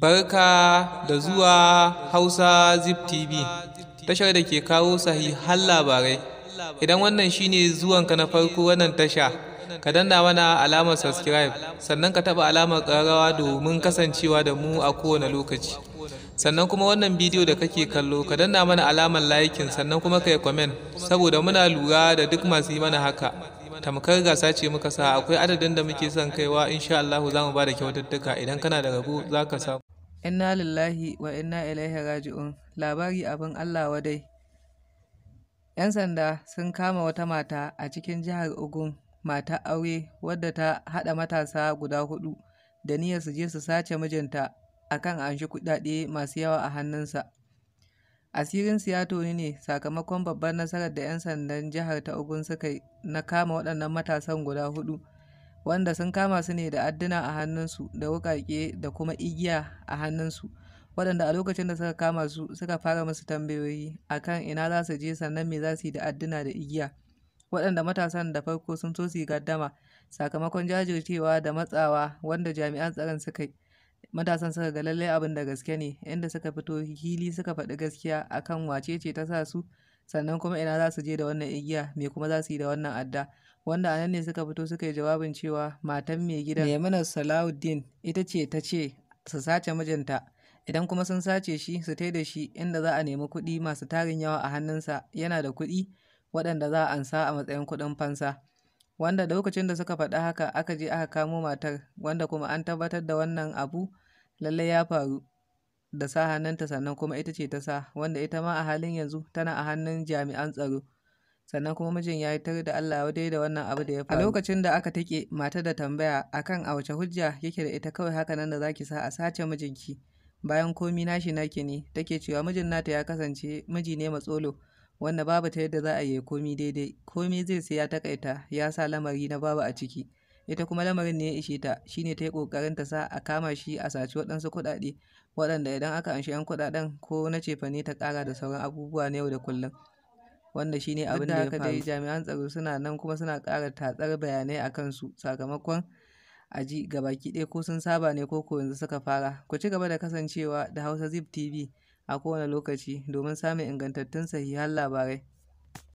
Barka da zuwa Hausa Zip TV, tashar da ke kawo sahihan labarai. Idan wannan shine zuwanka na farko wannan tasha, ka danna mana alamar subscribe, sannan ka taɓa alamar ƙararrawa domin kasancewa da mu a kowane lokaci. Sannan kuma wannan bidiyo da kake kallo, ka danna mana alamar laikin sannan kuma ka yi comment, saboda muna lura da duk masu yi mana haka. tamkar gasa ce muka sa akwai adadin da muke son kaiwa insha Allah za mu ba da kyaututtuka idan kana da rabo za ka samu Inna lillahi wa inna ilaihi raji'un labari abin Allah wadai. 'Yan sanda sun kama wata mata a cikin jihar Ogun mata aure wadda ta haɗa matasa guda hudu da niyyar su je su sace mijinta akan kan anshi kuɗaɗe masu yawa a hannunsa. Asirin ya toni ne sakamakon babbar nasarar da 'yan sandan jihar ta Ogun suka na kama waɗannan matasan guda hudu wanda sun kama su ne da adduna a hannunsu da wukaƙe da kuma igiya a hannunsu waɗanda a lokacin da suka kama su suka fara musu tambayoyi akan ina za su je sannan me za su yi da adduna da igiya waɗanda matasan da farko sun so su yi gaddama sakamakon jajircewa da matsawa wanda jami'an tsaron suka yi matasan suka ga lallai abin da gaske ne inda suka fito hili suka faɗi gaskiya akan ce ta sa su sannan kuma ina za su je da wannan igiya me kuma za su yi da wannan adda wanda a nan ne suka fito suka yi jawabin cewa matan mai gidan Maimuna Salahuddin ita ce ta ce su sace mijinta idan kuma sun sace shi su tai da shi inda za a nemi kuɗi masu tarin yawa a hannunsa yana da kuɗi waɗanda za a ansa a matsayin kuɗin fansa wanda lokacin da suka faɗi haka aka je aka kamo matar wanda kuma an tabbatar da wannan abu lallai ya faru da sa hannunta sannan kuma ita ce ta sa wanda ita ma a halin yanzu tana a hannun jami'an tsaro sannan kuma mijin ya yi tare da Allah dai da wannan abu da ya faru a lokacin da aka take mata da tambaya akan a wace hujja yake da ita kawai haka nan da zaki sa a sace mijinki bayan komi nashi naki ne take cewa mijin nata ya kasance miji ne matsolo wanda babu ta yadda za a yi komi daidai komi zai sai ya takaita ya sa lamari na babu a ciki ita kuma lamarin ne ya ishe ta shine ta yi kokarin ta sa a kama shi a saci waɗansu kuɗaɗe waɗanda idan aka amshi 'yan kuɗaɗen ko na cefa ne ta ƙara da sauran abubuwa na yau da kullum wanda shine abin da ya faru dai jami'an tsaro suna nan kuma suna ƙara tatsar bayanai a kansu sakamakon aji ga baki ɗaya ko sun saba ne ko ko yanzu suka fara ku ci gaba da kasancewa da hausa zip tv a kowane lokaci domin samun ingantattun sahihan labarai